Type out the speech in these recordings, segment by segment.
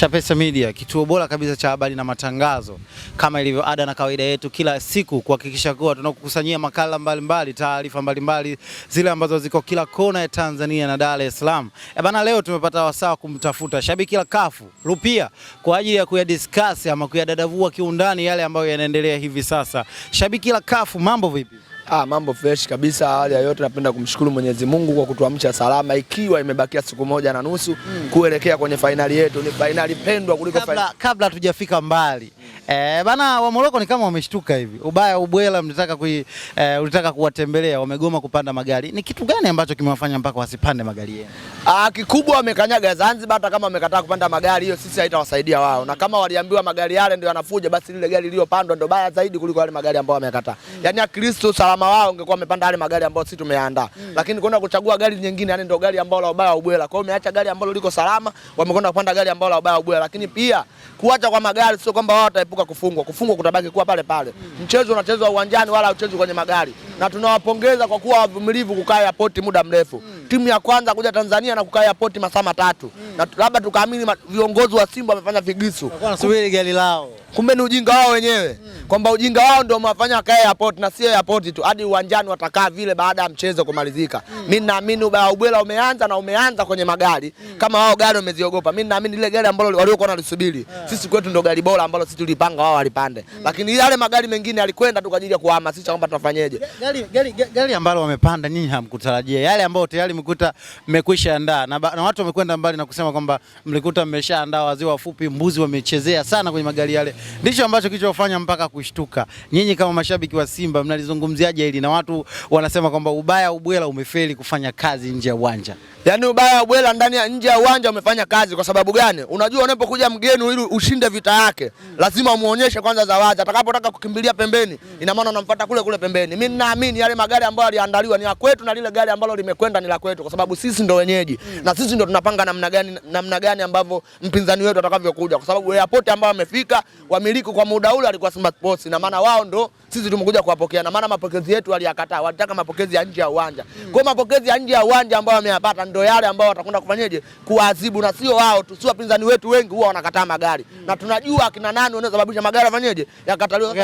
Chapesa Media, kituo bora kabisa cha habari na matangazo, kama ilivyo ada na kawaida yetu kila siku, kuhakikisha kuwa tunakukusanyia makala mbalimbali, taarifa mbalimbali zile ambazo ziko kila kona ya Tanzania na Dar es Salaam. E bana, leo tumepata wasaa kumtafuta shabiki la kafu Rupia kwa ajili ya kuyadiskasi ama kuyadadavua kiundani yale ambayo yanaendelea hivi sasa. Shabiki la kafu, mambo vipi? Ah, mambo fresh kabisa. Hali ya yote napenda kumshukuru Mwenyezi Mungu kwa kutuamsha salama, ikiwa imebakia siku moja na nusu mm. kuelekea kwenye fainali yetu. Ni fainali pendwa kuliko kabla, fainali. kabla tujafika mbali hmm. eh, bana wa Moroko ni kama wameshtuka hivi, ubaya ubwela mlitaka kui, eh, ulitaka kuwatembelea, wamegoma kupanda magari. Ni kitu gani ambacho kimewafanya mpaka wasipande magari yenu? Ah, kikubwa wamekanyaga Zanzibar. Hata kama wamekataa kupanda magari, hiyo sisi haitawasaidia wao, na kama waliambiwa magari yale ndio yanafuja, basi lile gari lililopandwa ndio baya zaidi kuliko wale magari ambayo wamekataa mm. yaani Kristo salama kama wao ungekuwa amepanda yale magari ambayo sisi tumeandaa mm. Lakini kwenda kuchagua gari nyingine, yani ndio gari ambalo la ubaya ubwela. Kwa hiyo umeacha gari ambalo liko salama, wamekwenda kupanda gari ambalo la ubaya ubwela. Lakini pia kuacha kwa magari sio kwamba wao wataepuka kufungwa, kufungwa kutabaki kuwa pale pale mm. Mchezo unachezwa uwanjani, wala uchezwe kwenye magari mm. Na tunawapongeza kwa kuwa wavumilivu kukaa airport muda mrefu mm. Timu ya kwanza kuja Tanzania na kukaa airport masaa matatu mm. Na labda tukaamini viongozi wa Simba wamefanya vigisu, wanasubiri gari lao Kumbe ni ujinga wao wenyewe mm. Kwamba ujinga wao ndio umewafanya wakae airport na sio airport tu, hadi uwanjani watakaa vile baada ya mchezo kumalizika mm. naamini ubaya ubwela umeanza na umeanza kwenye magari mm. Kama wao gari wameziogopa, mimi naamini ile gari ambalo waliokuwa wanalisubiri yeah. Hmm. Sisi kwetu ndio gari bora ambalo sisi tulipanga wao walipande mm. Lakini yale magari mengine yalikwenda tu kwa ajili ya kuhamasisha kwamba tunafanyeje. Gari, gari, gari ambalo wamepanda nyinyi hamkutarajia, yale ambayo tayari mkuta mmekwisha andaa na, na watu wamekwenda mbali na kusema kwamba mlikuta mmeshaandaa wazi wafupi, mbuzi wamechezea sana kwenye magari yale ndicho ambacho kilichofanya mpaka kushtuka. Nyinyi kama mashabiki wa Simba mnalizungumziaje hili, na watu wanasema kwamba ubaya ubwela umefeli kufanya kazi nje ya uwanja? Yaani ubaya ubwela ndani ya nje ya uwanja umefanya kazi. Kwa sababu gani? Unajua, unapokuja mgeni ili ushinde vita yake mm. lazima umuonyeshe kwanza zawadi. Atakapotaka kukimbilia pembeni, mm. ina maana unamfuata kule kule pembeni. Mimi naamini yale magari ambayo aliandaliwa ni ya kwetu na lile gari ambalo limekwenda ni la kwetu, kwa sababu sisi ndo wenyeji mm. na sisi ndo tunapanga namna gani, namna gani ambavyo mpinzani wetu atakavyokuja, kwa sababu airport ambayo amefika wamiliki kwa muda ule alikuwa Simba Sports, na maana wao ndo sisi tumekuja kuwapokea, na maana mapokezi yetu waliyakataa, walitaka mapokezi ya nje ya uwanja mm. Kwa mapokezi ya nje ya uwanja ambayo wameyapata ndo yale ambao watakwenda kufanyeje, kuadhibu, na sio wao tu, sio wapinzani wetu wengi huwa wanakataa magari mm. na tunajua akina nani sababisha magari afanyeje yakataliwa.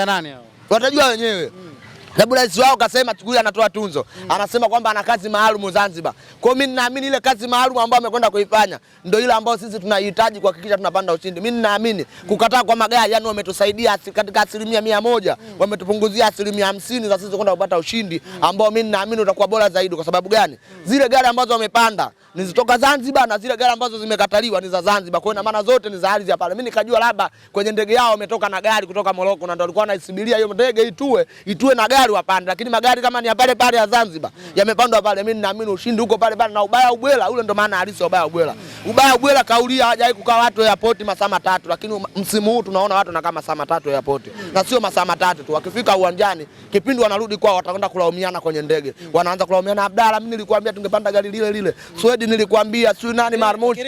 Watajua wenyewe mm. Naibu rais wao kasema Tukuyu anatoa tunzo mm. Anasema kwamba ana kazi maalum Zanzibar. Kwa hiyo mimi ninaamini ile kazi maalum ambayo amekwenda kuifanya ndio ile ambayo sisi tunahitaji kuhakikisha tunapanda ushindi. Mimi ninaamini mm. kukataa kwa magari, yani wametusaidia katika asilimia mia moja mm. wametupunguzia asilimia hamsini za sisi kwenda kupata ushindi mm. ambao mimi ninaamini utakuwa bora zaidi. Kwa sababu gani? mm. zile gari ambazo wamepanda ni zitoka Zanzibar na zile gari ambazo zimekataliwa ni za Zanzibar. Kwa hiyo maana zote ni za ardhi hapa. Mimi nikajua labda kwenye ndege yao wametoka na gari kutoka Moroko na ndio walikuwa wanaisubiria hiyo ndege itue, itue na gari serikali wapande, lakini magari kama ni ya pale pale ya Zanzibar mm. yamepandwa pale. Mimi ninaamini ushindi huko pale pale, na ubaya ubwela ule, ndo maana halisi ubaya ubwela mm. ubaya ubwela kaulia, hawajawahi kukaa watu airport masaa matatu, lakini um, msimu huu tunaona watu na nakaa masaa matatu airport mm. na sio masaa matatu tu, wakifika uwanjani kipindi wanarudi kwao watakwenda kulaumiana kwenye ndege mm. wanaanza kulaumiana, Abdalla, mimi nilikwambia tungepanda gari lile lile mm. Swedi nilikwambia, sio nani Marmush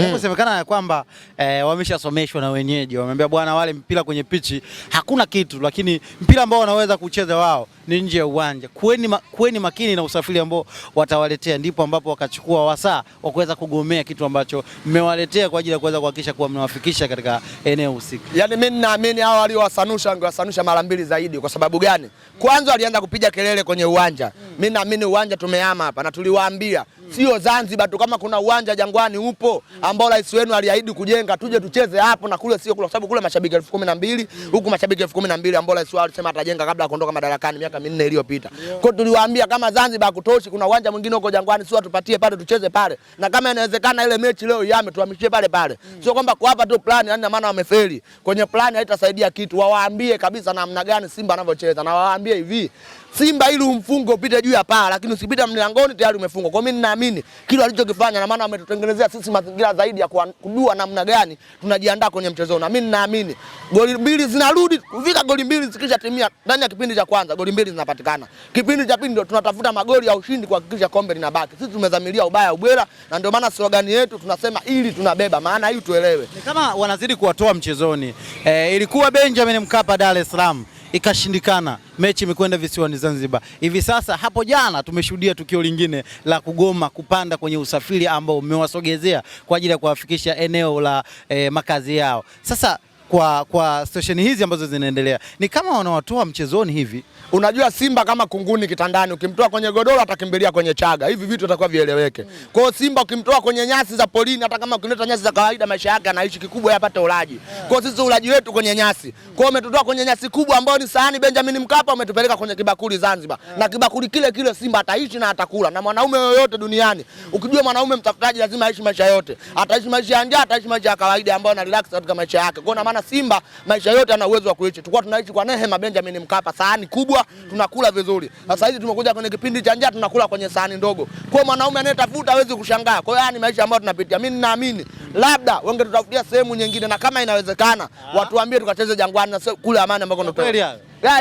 Yaani mm. Kusemekana ya kwamba eh, wameshasomeshwa na wenyeji, wameambia bwana, wale mpira kwenye pichi hakuna kitu, lakini mpira ambao wanaweza kucheza wao ni nje ya uwanja. Kueni, ma, kuweni makini na usafiri ambao watawaletea, ndipo ambapo wakachukua wasaa wa kuweza kugomea kitu ambacho mmewaletea kwa ajili ya kuweza kuhakikisha kuwa mnawafikisha katika eneo husika. Yaani mimi ninaamini hao waliowasanusha wangewasanusha mara mbili zaidi. Kwa sababu gani? Kwanza walianza kupiga kelele kwenye uwanja. Mimi mm. naamini uwanja tumehama hapa na tuliwaambia mm. sio Zanzibar tu, kama kuna uwanja Jangwani upo ambao rais wenu aliahidi kujenga, tuje tucheze hapo na kule sio kule, kwa sababu kule mashabiki elfu kumi na mbili huku mashabiki elfu kumi na mbili ambao rais wao alisema atajenga kabla ya kuondoka madarakani miaka minne iliyopita. Kwa tuliwambia tuliwaambia kama Zanzibar kutoshi, kuna uwanja mwingine huko Jangwani, sio tupatie pale tucheze pale, na kama inawezekana ile mechi leo yame tuhamishie pale pale, hmm. sio kwamba kwa hapa tu plan. Yani maana wamefeli kwenye plan, haitasaidia kitu. Wawaambie kabisa namna gani Simba anavyocheza na wawaambie hivi Simba ili umfunge upite juu ya paa, lakini usipita mlangoni tayari umefungwa. Kwa mimi ninaamini kile walichokifanya na maana wametutengenezea sisi mazingira zaidi ya kujua namna gani tunajiandaa kwenye mchezo. Na mimi ninaamini goli mbili zinarudi, kufika goli mbili zikisha timia ndani ya kipindi cha kwanza, goli mbili zinapatikana. Kipindi cha pili ndio tunatafuta magoli ya ushindi kuhakikisha kombe linabaki. Sisi tumezamilia ubaya ubwela na ndio maana slogan yetu tunasema ili tunabeba, maana hii tuelewe. Ni kama wanazidi kuwatoa mchezoni. Eh, ilikuwa Benjamin Mkapa Dar es Salaam ikashindikana, mechi imekwenda visiwani Zanzibar. Hivi sasa, hapo jana tumeshuhudia tukio lingine la kugoma kupanda kwenye usafiri ambao umewasogezea kwa ajili ya kuwafikisha eneo la e, makazi yao sasa kwa, kwa stesheni hizi ambazo zinaendelea ni kama wanawatoa mchezoni hivi. Unajua Simba kama kunguni kitandani, ukimtoa kwenye godoro atakimbilia kwenye chaga. Hivi vitu atakuwa vieleweke. Mm. Kwa hiyo Simba ukimtoa kwenye nyasi za polini, hata kama ukileta nyasi za kawaida, maisha yake anaishi, kikubwa yapate ulaji. Yeah. Hmm. Kwa hiyo sisi ulaji wetu kwenye nyasi. Hmm. Kwa hiyo umetutoa kwenye nyasi kubwa ambayo ni sahani Benjamin Mkapa, umetupeleka kwenye kibakuli Zanzibar. Yeah. Hmm. Na kibakuli kile kile Simba ataishi na atakula, na mwanaume yoyote duniani. Mm. Ukijua mwanaume mtafutaji lazima aishi maisha yote. Ataishi maisha ya njaa, ataishi maisha ya kawaida ambayo na relax katika maisha yake. Kwa hiyo na maana na Simba maisha yote ana uwezo wa kuishi. Tulikuwa tunaishi kwa Nehema Benjamin Mkapa, sahani kubwa tunakula vizuri. Sasa hizi tumekuja kwenye kipindi cha njaa tunakula kwenye sahani ndogo. Kwa mwanaume anayetafuta hawezi kushangaa. Kwa hiyo ni maisha ambayo tunapitia. Mimi ninaamini labda wangetutafutia sehemu nyingine na kama inawezekana ah. watuambie tukacheze Jangwani na kule Amani ambako ndio.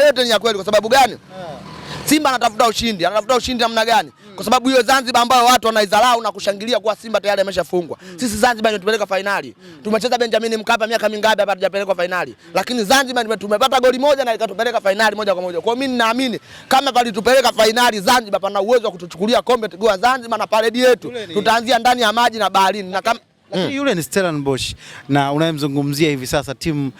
Yote ni ya kweli kwa sababu gani? Ah. Simba anatafuta ushindi, anatafuta ushindi namna gani? Mm kwa sababu hiyo Zanzibar ambayo watu wanaidharau na kushangilia kuwa Simba tayari ameshafungwa. Mm. Sisi Zanzibar ndio tumepeleka fainali. Mm. Tumecheza Benjamin Mkapa miaka mingapi hapa hatujapeleka fainali. Mm. Lakini Zanzibar tumepata goli moja na ikatupeleka fainali moja kwa moja. Kwa hiyo mimi ninaamini kama palitupeleka fainali Zanzibar pana uwezo wa kutuchukulia kombe tukiwa Zanzibar na paredi yetu. Tutaanzia ndani ya maji na baharini na kama lakini mm. yule ni Stellenbosch na unayemzungumzia hivi sasa timu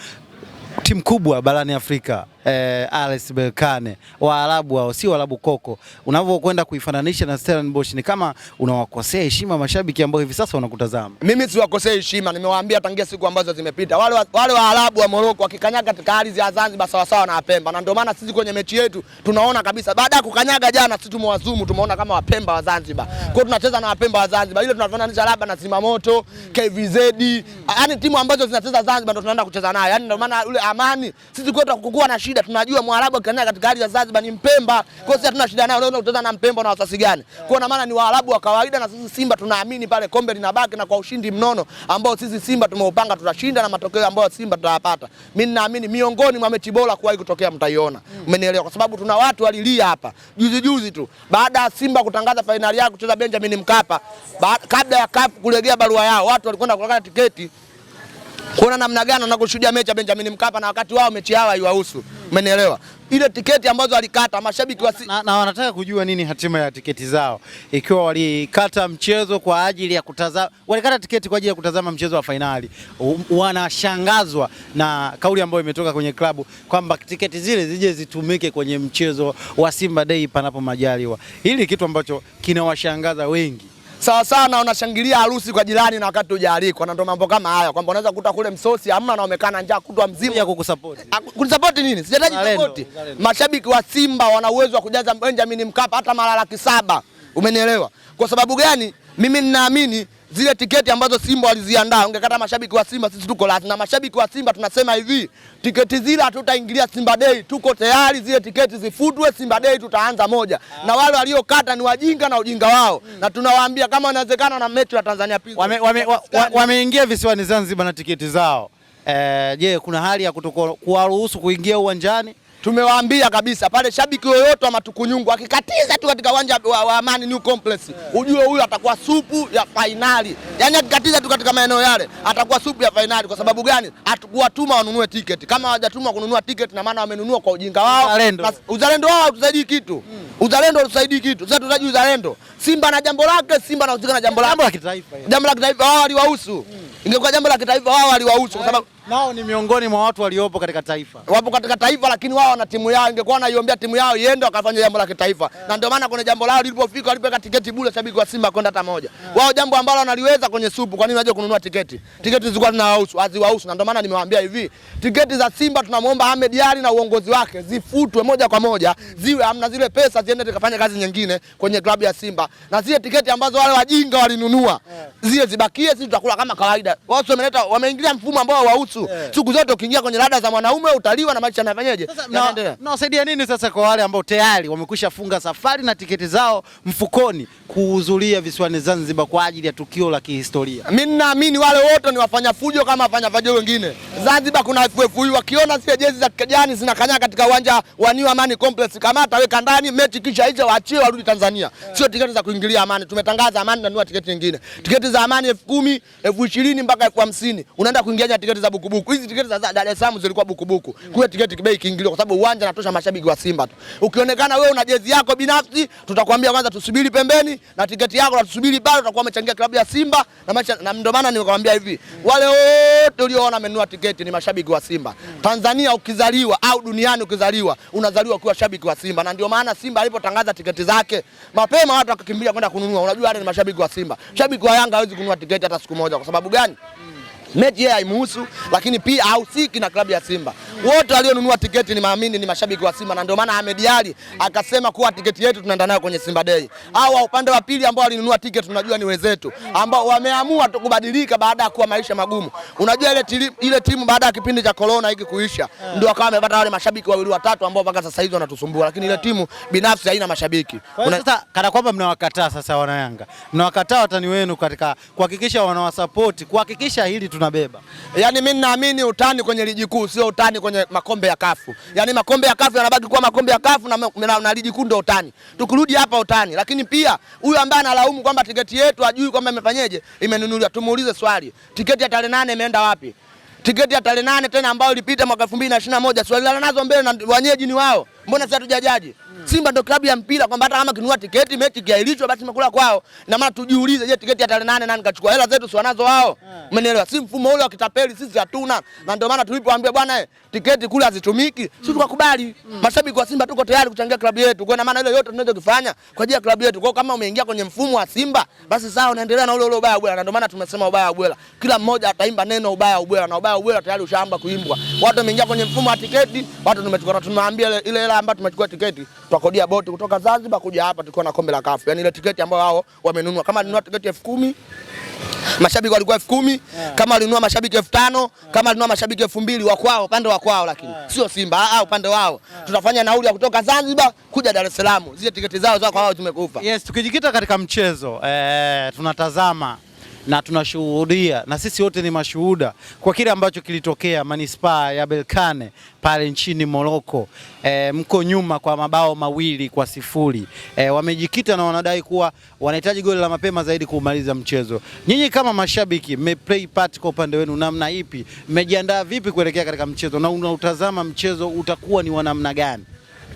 timu kubwa barani Afrika eh, Ales Berkane, Waarabu hao si Waarabu koko. Unavyokwenda kuifananisha na Stellenbosch ni kama unawakosea heshima mashabiki ambao hivi sasa wanakutazama. Mimi siwakosea heshima, nimewaambia tangia siku ambazo zimepita. Wale wale Waarabu wa Morocco wakikanyaga katika ardhi ya Zanzibar sawa sawa na Wapemba, na ndio maana sisi kwenye mechi yetu tunaona kabisa baada ya kukanyaga jana, sisi tumewazumu tumeona kama Wapemba wa Zanzibar. Yeah. Kwa tunacheza na Wapemba wa Zanzibar, ile tunafananisha labda na Zimamoto, KVZ, mm. yani timu ambazo zinacheza Zanzibar ndio tunaenda kucheza nayo, yani ndio maana yule Amani sisi kwetu kukua na shida, tunajua Mwarabu akienda katika ardhi ya Zanzibar ni Mpemba. Kwa hiyo hatuna shida nayo, leo tunakutana na Mpemba na wasasi gani? Kwa maana ni Waarabu wa kawaida, na sisi Simba tunaamini pale kombe linabaki na kwa ushindi mnono ambao sisi Simba tumeupanga tutashinda, na matokeo ambayo Simba tutayapata, mimi naamini miongoni mwa mechi bora kuwahi kutokea, mtaiona. Umenielewa? Kwa sababu tuna watu walilia hapa juzi juzi tu baada ya Simba kutangaza fainali yao kucheza Benjamin Mkapa, kabla ya CAF kulegea barua yao, watu walikwenda kukata tiketi kuona namna gani wanakushuhudia mechi ya Benjamin Mkapa na wakati wao mechi yao haiwahusu. Umenielewa? Ile tiketi ambazo walikata mashabiki wasi... na, na wanataka kujua nini hatima ya tiketi zao, ikiwa walikata mchezo kwa ajili ya kutazama, walikata tiketi kwa ajili ya kutazama mchezo wa fainali. Wanashangazwa na kauli ambayo imetoka kwenye klabu kwamba tiketi zile zije zitumike kwenye mchezo wa Simba Day panapo majaliwa. Hili kitu ambacho kinawashangaza wengi sawa sana, unashangilia harusi kwa jirani na wakati hujaalikwa, na ndo mambo kama haya kwamba unaweza kukuta kule msosi amna na umekana njaa kutwa mzima ya kukusupport. Kunisupport nini? Sijataji support. Mashabiki wa Simba wana uwezo wa kujaza Benjamin Mkapa hata mara laki saba, umenielewa? Kwa sababu gani? Mimi ninaamini zile tiketi ambazo Simba waliziandaa ungekata mashabiki wa Simba. Sisi tuko lazima, na mashabiki wa Simba tunasema hivi, tiketi zile hatutaingilia Simba Day, tuko tayari zile tiketi zifutwe. Simba Day tutaanza moja ah. Na wale waliokata ni wajinga na ujinga wao hmm. Na tunawaambia kama inawezekana na mechi ya Tanzania wameingia wame, wa, wame visiwani Zanzibar na tiketi zao. Eh, je, eh, kuna hali ya kutokuwaruhusu kuingia uwanjani? Tumewaambia kabisa pale, shabiki yoyote wa matukunyungu akikatiza tu katika uwanja wa Amani New Complex, ujue huyo atakuwa supu ya fainali. Yani akikatiza tu katika maeneo yale atakuwa supu ya fainali. Kwa sababu gani? Hatukuwatuma wanunue tiketi. Kama hawajatuma kununua tiketi, na maana wamenunua kwa ujinga wao, uzalendo wao hautusaidii kitu. Hmm. Uzalendo hautusaidii kitu. Sasa tunahitaji uzalendo. Simba na jambo lake, Simba uzika na jambo lake, jambo la kitaifa. Wao waliwahusu, hmm. ingekuwa jambo la kitaifa wao waliwahusu kwa sababu nao ni miongoni mwa watu waliopo katika taifa, wapo katika taifa, lakini wao wana timu yao. Ingekuwa wanaiombea timu yao iende wakafanya jambo la kitaifa yeah. na ndio maana kwenye jambo lao lilipofika, walipeka tiketi bure, shabiki wa Simba kwenda hata moja yeah. wao jambo ambalo wanaliweza kwenye supu. Kwa nini waje kununua tiketi? Tiketi zilikuwa zinawahusu, haziwahusu. Na ndio maana nimewaambia hivi, tiketi za Simba tunamwomba Ahmed Ally na uongozi wake zifutwe moja kwa moja, ziwe amna, zile pesa ziende zikafanye kazi nyingine kwenye klabu ya Simba, na zile tiketi ambazo wale wajinga walinunua yeah. zile zibakie, sisi tutakula kama kawaida. Wao wameleta, wameingilia mfumo ambao hawahusu kuhusu eh. siku zote. Ukiingia kwenye rada za mwanaume utaliwa na maisha yanafanyaje? Nawasaidia nini sasa kwa wale ambao tayari wamekwisha funga safari na tiketi zao mfukoni kuhudhuria visiwani Zanzibar kwa ajili ya tukio la kihistoria? Mimi naamini wale wote ni wafanya fujo kama wafanya fujo wengine. Zanzibar kuna FFU, wakiona zile jezi za kijani zinakanyaga katika uwanja wa New Amani Complex, kamata weka ndani, mechi kisha hizo waachie warudi Tanzania. Eh. Sio tiketi za kuingilia Amani. Tumetangaza Amani na nua tiketi nyingine. Tiketi za Amani elfu kumi, elfu ishirini mpaka elfu hamsini. Unaenda kuingiaje tiketi za buku bukubuku. Hizi tiketi za Dar es Salaam zilikuwa bukubuku. Kwa tiketi bei kiingilio, kwa sababu uwanja natosha mashabiki wa Simba tu. Ukionekana wewe una jezi yako binafsi, tutakwambia kwanza tusubiri pembeni na tiketi yako na tusubiri bado, utakuwa umechangia klabu ya Simba na maisha, na ndio maana nimekwambia hivi, wale wote ulioona amenunua tiketi ni mashabiki wa Simba. Tanzania ukizaliwa au duniani ukizaliwa, unazaliwa ukiwa shabiki wa Simba, na ndio maana Simba alipotangaza tiketi zake mapema, watu wakakimbia kwenda kununua. Unajua wale ni mashabiki wa Simba. Shabiki wa Yanga hawezi kununua tiketi hata siku moja. Kwa sababu gani? mechi yeye haimuhusu, lakini pia hahusiki na klabu ya Simba. Wote walionunua tiketi ni maamini, ni mashabiki wa Simba, na ndio maana Ahmed Ally akasema kuwa tiketi yetu tunaenda nayo kwenye Simba Day. Au upande wa pili ambao walinunua tiketi tunajua ni wenzetu ambao wameamua tu kubadilika baada ya kuwa maisha magumu. Unajua ile tili, ile timu baada ya kipindi cha corona hiki kuisha eh. ndio akawa amepata wale mashabiki wawili watatu ambao mpaka sasa hivi wanatusumbua, lakini ile eh. timu binafsi haina mashabiki. Kwa Sasa kana kwamba mnawakataa sasa wana Yanga. Mnawakataa watani wenu katika kuhakikisha wanawasapoti, kuhakikisha hili tunabeba. Yaani mimi naamini utani kwenye ligi kuu sio utani kwenye makombe ya kafu. Yaani makombe ya kafu yanabaki kuwa makombe ya kafu na, na, na ligi kuu ndio utani. Tukirudi hapa utani, lakini pia huyu ambaye analaumu kwamba tiketi yetu ajui kwamba imefanyeje imenunuliwa, tumuulize swali, tiketi ya tarehe nane imeenda wapi? Tiketi ya tarehe nane tena ambayo ilipita mwaka 2021 swali la nazo mbele na wenyeji ni wao, mbona sisi hatujajaji? Simba ndio klabu ya mpira kwamba hata kama kinunua tiketi mechi kiailishwa basi imekula kwao. Na maana tujiulize, je, tiketi ya tarehe nane nani kachukua? Hela zetu si wanazo wao. Eh. Umeelewa? Si mfumo ule wa kitapeli sisi hatuna. Na ndio maana tulipoambia bwana, eh, tiketi kule hazitumiki, sisi mm. tukakubali. Mm. Mashabiki wa Simba tuko tayari kuchangia klabu yetu. Kwa maana ile yote tunaweza kufanya kwa ajili ya klabu yetu. Kwa kama umeingia kwenye mfumo wa Simba, basi sawa unaendelea na ule ule ubaya ubwela. Na ndio maana tumesema ubaya ubwela. Kila mmoja ataimba neno ubaya ubwela na ubaya ubwela tayari ushaamba kuimbwa. Watu wameingia kwenye mfumo wa tiketi, watu tumechukua tunawaambia ile hela ambayo tumechukua tiketi tukakodia boti kutoka Zanzibar kuja hapa tukiwa na kombe la kafu. Yaani ile tiketi ambayo wao wamenunua kama alinunua tiketi elfu kumi mashabiki walikuwa elfu kumi yeah. Kama alinunua mashabiki elfu tano yeah. Kama alinunua mashabiki elfu mbili wa kwao upande wa kwao, lakini yeah. Sio Simba ah, ah upande wao yeah. Tutafanya nauli ya kutoka Zanzibar kuja Dar es Salaam, zile tiketi zao zao kwa wao zimekufa. Yes, tukijikita katika mchezo eh, tunatazama na tunashuhudia na sisi wote ni mashuhuda kwa kile ambacho kilitokea manispaa ya belkane pale nchini moroko E, eh, mko nyuma kwa mabao mawili kwa sifuri. E, wamejikita na wanadai kuwa wanahitaji goli la mapema zaidi kuumaliza mchezo. Nyinyi kama mashabiki mmeplay part kwa upande wenu namna ipi? Mmejiandaa vipi kuelekea katika mchezo na unautazama mchezo utakuwa ni wa namna gani?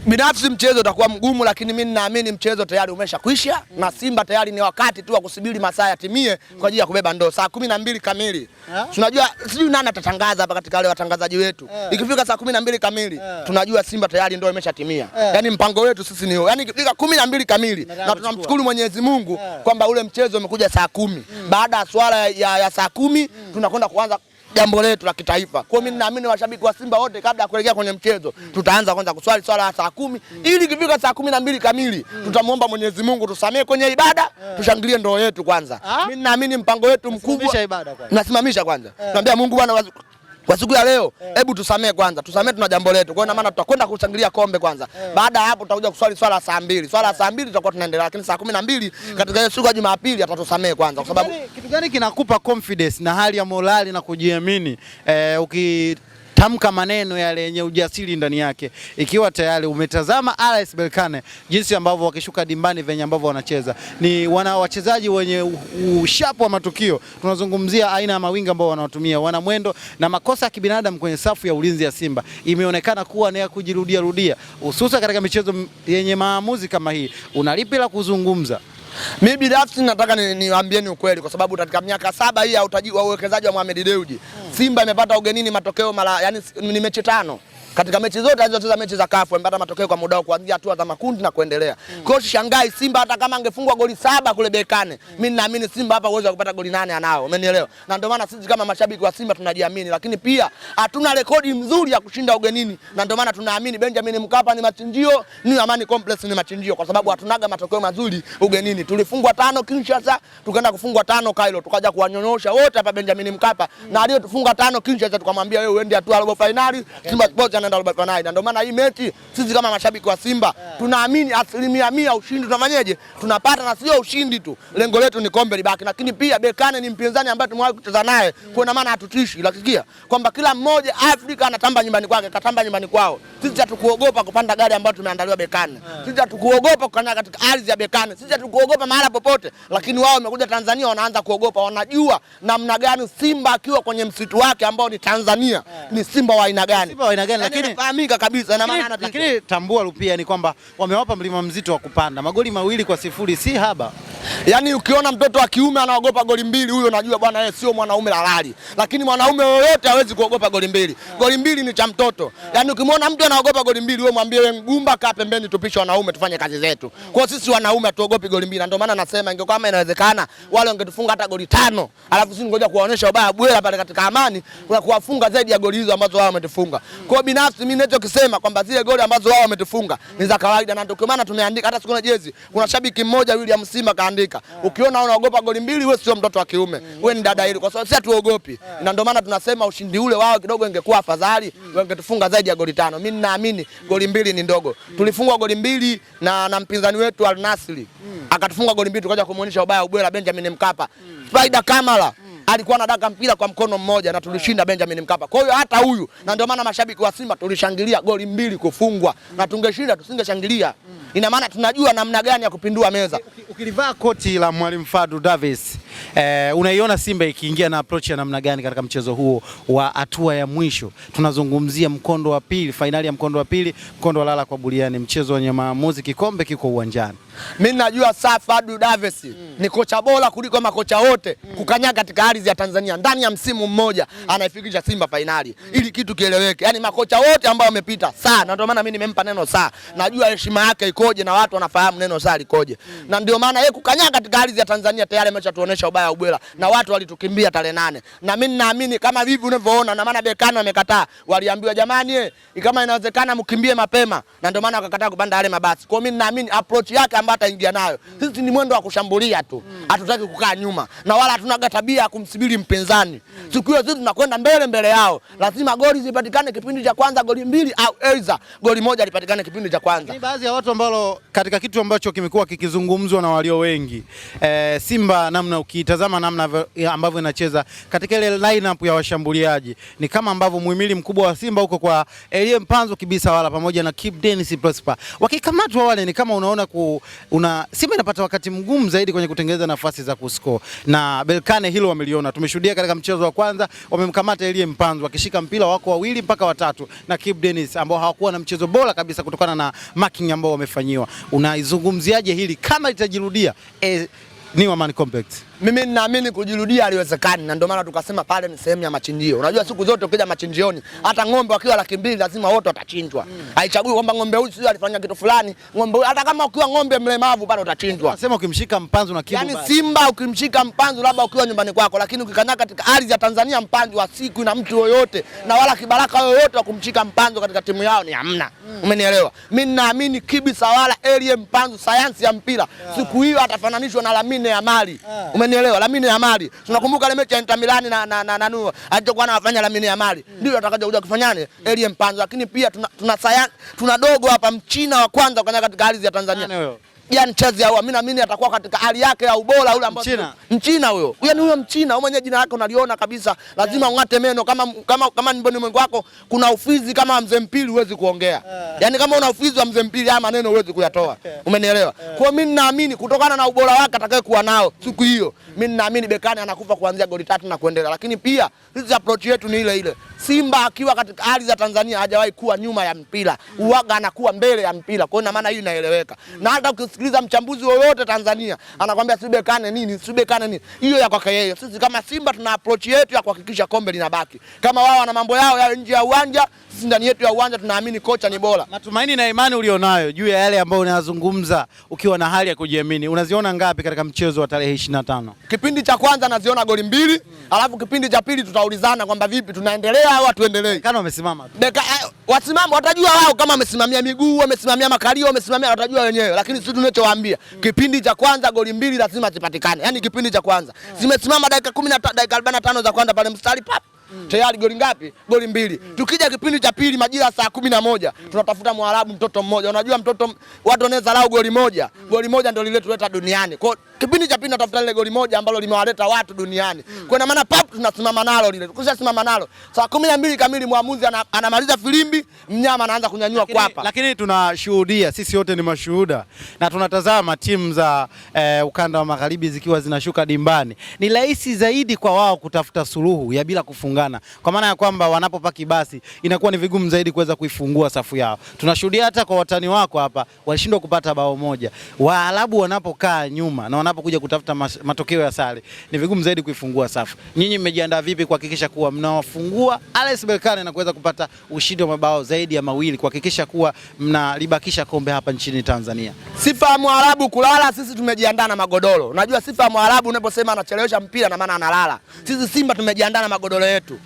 binafsi mchezo utakuwa mgumu, lakini mimi ninaamini mchezo tayari umeshakwisha mm. na Simba tayari ni wakati tu wa kusubiri masaa yatimie mm. kwa ajili ya kubeba ndoo saa kumi na mbili kamili yeah. tunajua sijui nani atatangaza hapa katika wale watangazaji wetu yeah. ikifika saa kumi na mbili kamili yeah. tunajua Simba tayari ndoo imeshatimia yeah. yani mpango wetu sisi ni huo, yani ikifika kumi na mbili kamili na, na tunamshukuru Mwenyezi Mungu yeah. kwamba ule mchezo umekuja saa kumi mm. baada ya swala ya, ya saa kumi mm. tunakwenda kuanza jambo letu la kitaifa. Kwa hiyo mimi naamini washabiki wa Simba wote kabla ya kuelekea kwenye mchezo mm. tutaanza kwanza kuswali swala ya saa kumi mm. ili ikifika saa kumi na mbili kamili mm. tutamwomba Mwenyezi Mungu tusamee kwenye ibada yeah. tushangilie ndoo yetu kwanza. Ah. Mimi naamini mpango wetu mkubwa nasimamisha kwanza, yeah. Mungu Bwana kwa siku ya leo eh. hebu yeah. Tusamee kwanza, tusamee, tuna jambo letu. Kwa hiyo maana tutakwenda kushangilia kombe kwanza yeah. Baada ya hapo tutakuja kuswali swala saa mbili, swala eh. saa mbili tutakuwa tunaendelea, lakini saa kumi na mbili mm. katika hiyo siku ya Jumapili atatusamee kwanza, kwa sababu kitu gani kinakupa confidence na hali ya morali na kujiamini eh, uki tamka maneno yale yenye ujasiri ndani yake, ikiwa tayari umetazama RS Berkane jinsi ambavyo wakishuka dimbani, venye ambavyo wanacheza, ni wana wachezaji wenye ushapu wa matukio. Tunazungumzia aina ya mawinga ambao wanatumia, wana mwendo na makosa ya kibinadamu kwenye safu ya ulinzi ya Simba imeonekana kuwa ni ya kujirudia rudia, hususa katika michezo yenye maamuzi kama hii. Unalipi la kuzungumza? Mimi binafsi nataka niwaambieni ni ukweli, kwa sababu katika miaka saba hii ya uwekezaji wa Mohamed Dewji hmm. Simba imepata ugenini matokeo mara yani ni mechi tano katika mechi zote alizocheza mechi za CAF amepata matokeo kwa muda kwa hatua za makundi na kuendelea. Mm. Kwa hiyo shangai Simba hata kama angefungwa goli saba kule Bekane, mm. mimi naamini Simba hapa uwezo wa kupata goli nane anao. Umenielewa? Na ndio maana sisi kama mashabiki wa Simba tunajiamini, lakini pia hatuna rekodi nzuri ya kushinda ugenini. Na ndio maana tunaamini Benjamin Mkapa ni machinjio, ni Amani Complex ni machinjio kwa sababu hatunaga matokeo mazuri ugenini. Tulifungwa tano Kinshasa, tukaenda kufungwa tano Cairo, tukaja kuwanyonyosha wote hapa Benjamin Mkapa. Mm. Na aliyotufunga tano Kinshasa tukamwambia wewe uende hatua robo finali. Okay. Simba Sports anaenda Robert Van Aida. Ndio maana hii mechi sisi kama mashabiki wa Simba yeah, tunaamini asilimia mia ushindi tunafanyaje, tunapata na sio ushindi tu, lengo letu ni kombe libaki. Lakini pia Bekane ni mpinzani ambaye tumewahi kucheza naye mm, kwa maana hatutishi, Lakikia kwamba kila mmoja Afrika anatamba nyumbani kwake, katamba nyumbani kwao. Sisi hatukuogopa kupanda gari ambayo tumeandaliwa Bekane, yeah, sisi hatukuogopa kukanyaga katika ardhi ya Bekane, sisi hatukuogopa mahala popote, lakini wao wamekuja Tanzania wanaanza kuogopa, wanajua namna gani Simba akiwa kwenye msitu wake ambao ni Tanzania, yeah, ni Simba wa aina gani? Simba wa aina gani? Yaani anafahamika kabisa na maana lakini, lakini tambua Rupia ni kwamba wamewapa mlima mzito wa kupanda. Magoli mawili kwa sifuri si haba. Yaani ukiona mtoto wa kiume anaogopa goli mbili, huyo najua bwana yeye sio mwanaume halali. Lakini mwanaume yoyote hawezi kuogopa goli mbili. Goli mbili ni cha mtoto. Yaani ukimwona mtu anaogopa goli mbili, wewe mwambie wewe mgumba, kaa pembeni, tupishe wanaume tufanye kazi zetu. Kwa sisi wanaume hatuogopi goli mbili. Ndio maana nasema ingekuwa kama inawezekana wale wangetufunga hata goli tano. Alafu sisi ngoja kuwaonyesha ubaya bwela pale katika amani, kuwafunga zaidi ya goli hizo ambazo wao wametufunga. Kwa hiyo binafsi mimi ninachokisema kwamba zile goli ambazo wao wametufunga mm. ni za kawaida, na ndio maana tumeandika hata siku na jezi. Kuna shabiki mmoja William Simba kaandika, yeah. ukiona unaogopa goli mbili, wewe sio mtoto wa kiume, mm. wewe ni dada hili, kwa sababu sisi hatuogopi, na ndio maana tunasema ushindi ule wao kidogo ingekuwa afadhali, mm. wangetufunga zaidi ya goli tano. Mimi ninaamini goli mbili ni ndogo, mm. tulifungwa goli mbili na na mpinzani wetu Al Nassr mm. akatufunga goli mbili, tukaja kumuonyesha ubaya ubwela Benjamin Mkapa, mm. Spider mm alikuwa anadaka mpira kwa mkono mmoja na tulishinda Benjamin Mkapa. Kwa hiyo hata huyu na ndio maana mashabiki wa Simba tulishangilia goli mbili kufungwa mm. na tungeshinda tusingeshangilia mm. ina maana tunajua namna gani ya kupindua meza. Ukilivaa koti la Mwalimu Fadu Davis eh, unaiona Simba ikiingia na approach ya namna gani katika mchezo huo wa hatua ya mwisho? Tunazungumzia mkondo wa pili, fainali ya mkondo wa pili, mkondo wa lala kwa buliani, mchezo wenye maamuzi, kikombe kiko uwanjani. Mi najua Safi Adu Davis mm. ni kocha bora kuliko makocha wote mm. kukanyaga katika ardhi ya Tanzania ndani ya msimu mmoja mm. anaifikisha Simba fainali mm. ili kitu kieleweke. Yaani makocha wote ambao wamepita saa, na ndio maana mimi nimempa neno saa yeah. najua heshima yake ikoje na watu wanafahamu neno saa likoje mm. na ndio maana yeye kukanyaga katika ardhi ya Tanzania tayari ameshatuonesha ubaya ubwela mm. na watu walitukimbia tarehe nane, na mimi naamini kama hivi unavyoona, na maana Bekano amekataa, waliambiwa jamani, eh, kama inawezekana mkimbie mapema, na ndio maana wakakataa kupanda yale mabasi. Kwa hiyo mimi naamini approach yake ambayo ataingia nayo. mm. Sisi ni mwendo wa kushambulia tu, hatutaki kukaa nyuma na wala hatunaga tabia ya kumsubiri mpinzani. mm. Siku hiyo sisi tunakwenda mbele mbele yao, mm. lazima goli zipatikane kipindi cha kwanza, goli mbili au aidha goli moja lipatikane kipindi cha kwanza. Ni baadhi ya watu ambao katika kitu ambacho kimekuwa kikizungumzwa na walio wengi e, Simba namna ukitazama namna ambavyo inacheza katika ile lineup ya washambuliaji ni kama ambavyo muhimili mkubwa wa Simba huko kwa Elie Mpanzo Kibisa wala pamoja na Kip Dennis Prosper wakikamatwa wale ni kama unaona ku, una Simba inapata wakati mgumu zaidi kwenye kutengeneza nafasi za kuscore, na belkane hilo wameliona. Tumeshuhudia katika mchezo wa kwanza wamemkamata Elie Mpanzu akishika mpira, wako wawili mpaka watatu na Kip Dennis ambao hawakuwa na mchezo bora kabisa kutokana na marking ambao wamefanyiwa. Unaizungumziaje hili kama litajirudia? E, ni Amaan Complex mimi ninaamini kujirudia haliwezekani, na ndio maana tukasema pale ni sehemu ya machinjio. Unajua siku zote ukija machinjioni, hata ng'ombe wakiwa laki mbili lazima wote watachinjwa, mm. haichagui kwamba ng'ombe huyu sio alifanya kitu fulani. Ng'ombe hata kama ukiwa ng'ombe mlemavu bado utachinjwa. Unasema ukimshika mpanzu na kibu, yani simba ukimshika mpanzu labda ukiwa nyumbani kwako, lakini ukikanyaga katika ardhi ya Tanzania mpanzu wa siku na mtu yoyote na wala kibaraka yoyote wa kumshika mpanzu katika timu yao ni hamna. Mm. Umenielewa? Mimi ninaamini kibisa wala elie mpanzu, sayansi ya mpira siku hiyo atafananishwa na Lamine Yamal. Unanielewa? Lamine Yamal. Tunakumbuka ile mechi ya Inter Milan na na na nani Alichokuwa anafanya Lamine Yamal. Mm. Ndio atakaje kuja kufanyane Elie Mpanzo. Lakini pia tuna tuna tuna dogo hapa mchina wa kwanza kwenye katika ardhi ya Tanzania. Jan yaani Chezi au Amina Mini atakuwa katika hali yake ya ubora ule ambao Mchina. Mchina huyo. Yaani huyo Mchina, wewe mwenyewe jina lake unaliona kabisa. Lazima yeah. Ungate meno kama kama kama mboni mwengu wako kuna ufizi kama mzee mpili huwezi kuongea. Yeah. Yaani kama una ufizi wa mzee mpili haya maneno huwezi kuyatoa. Umenielewa? Yeah. Kwa mimi ninaamini kutokana na ubora wake kuwa nao siku hiyo. Mimi ninaamini Bekani anakufa kuanzia goli tatu na kuendelea. Lakini pia sisi approach yetu ni ile ile. Simba akiwa katika hali za Tanzania hajawahi kuwa nyuma ya mpira. Mm. Uwaga anakuwa mbele ya mpira. Kwa hiyo na maana hii inaeleweka. Mm. Na hata kumsikiliza mchambuzi wowote Tanzania anakwambia sibekane nini sibekane nini, hiyo ya kwake yeye. Sisi kama Simba tuna approach yetu ya kuhakikisha kombe linabaki. Kama wao wana mambo yao ya nje ya uwanja, sisi ndani yetu ya uwanja tunaamini kocha ni bora. Matumaini na imani ulionayo juu ya yale ambayo unayazungumza ukiwa na hali ya kujiamini, unaziona ngapi katika mchezo wa tarehe 25? Kipindi cha kwanza naziona goli mbili, alafu kipindi cha pili tutaulizana kwamba vipi tunaendelea au hatuendelei. Kana wamesimama tu. Eh, wasimama watajua wao kama wamesimamia miguu, wamesimamia makalio, wamesimamia watajua wenyewe, lakini sisi tunachowaambia mm. kipindi cha kwanza goli mbili lazima zipatikane. Yani kipindi cha kwanza mm. zimesimama mm. dakika 15 dakika 45 za kwanza pale mstari pap mm. tayari goli ngapi? Goli mbili mm. Tukija kipindi cha pili majira saa kumi na moja mm. tunatafuta Mwarabu mtoto mmoja, unajua mtoto watu wanaweza lao goli moja mm. goli moja ndio lile tuleta duniani kwao kipindi cha pili natafuta lile goli moja ambalo limewaleta watu duniani mm. kwa maana pap tunasimama nalo lile, kusha simama nalo saa kumi na mbili kamili mwamuzi anamaliza filimbi, mnyama anaanza kunyanyua kwa hapa Lakini tunashuhudia sisi wote ni mashuhuda na tunatazama timu za eh, ukanda wa magharibi zikiwa zinashuka dimbani, ni rahisi zaidi kwa wao kutafuta suluhu ya bila kufungana, kwa maana ya kwamba wanapopaki basi inakuwa ni vigumu zaidi kuweza kuifungua safu yao. Tunashuhudia hata kwa watani wako hapa walishindwa kupata bao moja, Waarabu wanapokaa nyuma na wanapo mnapokuja kutafuta matokeo ya sare, ni vigumu zaidi kuifungua safu. Nyinyi mmejiandaa vipi kuhakikisha kuwa mnawafungua RS Berkane na kuweza kupata ushindi wa mabao zaidi ya mawili kuhakikisha kuwa mnalibakisha kombe hapa nchini Tanzania? Sifa ya Mwarabu kulala, sisi tumejiandaa na magodoro. Unajua sifa ya Mwarabu unaposema anachelewesha mpira na maana analala. Sisi Simba tumejiandaa na magodoro yetu.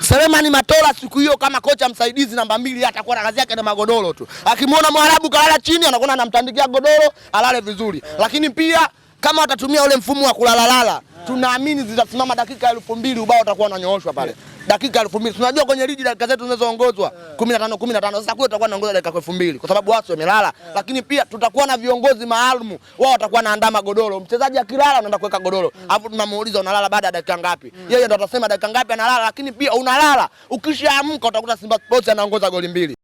Selemani Matola siku hiyo kama kocha msaidizi namba mbili atakuwa na kazi yake na magodoro tu. Akimwona Mwarabu kalala chini anakuwa anamtandikia godoro alale vizuri. Lakini pia kama watatumia ule mfumo wa kulalalala, tunaamini zitasimama dakika elfu mbili ubao utakuwa unanyooshwa pale yeah. dakika elfu mbili tunajua kwenye ligi dakika zetu zinazoongozwa kumi na tano kumi na tano Sasa kule tutakuwa naongoza dakika elfu mbili kwa sababu watu wamelala, yeah. lakini pia tutakuwa na viongozi maalumu, wao watakuwa naandaa magodoro. Mchezaji akilala unaenda kuweka godoro, mm. alafu tunamuuliza unalala baada ya dakika ngapi? mm. Yeye ndo atasema dakika ngapi analala, lakini pia unalala. Ukishaamka utakuta Simba Sports anaongoza goli mbili.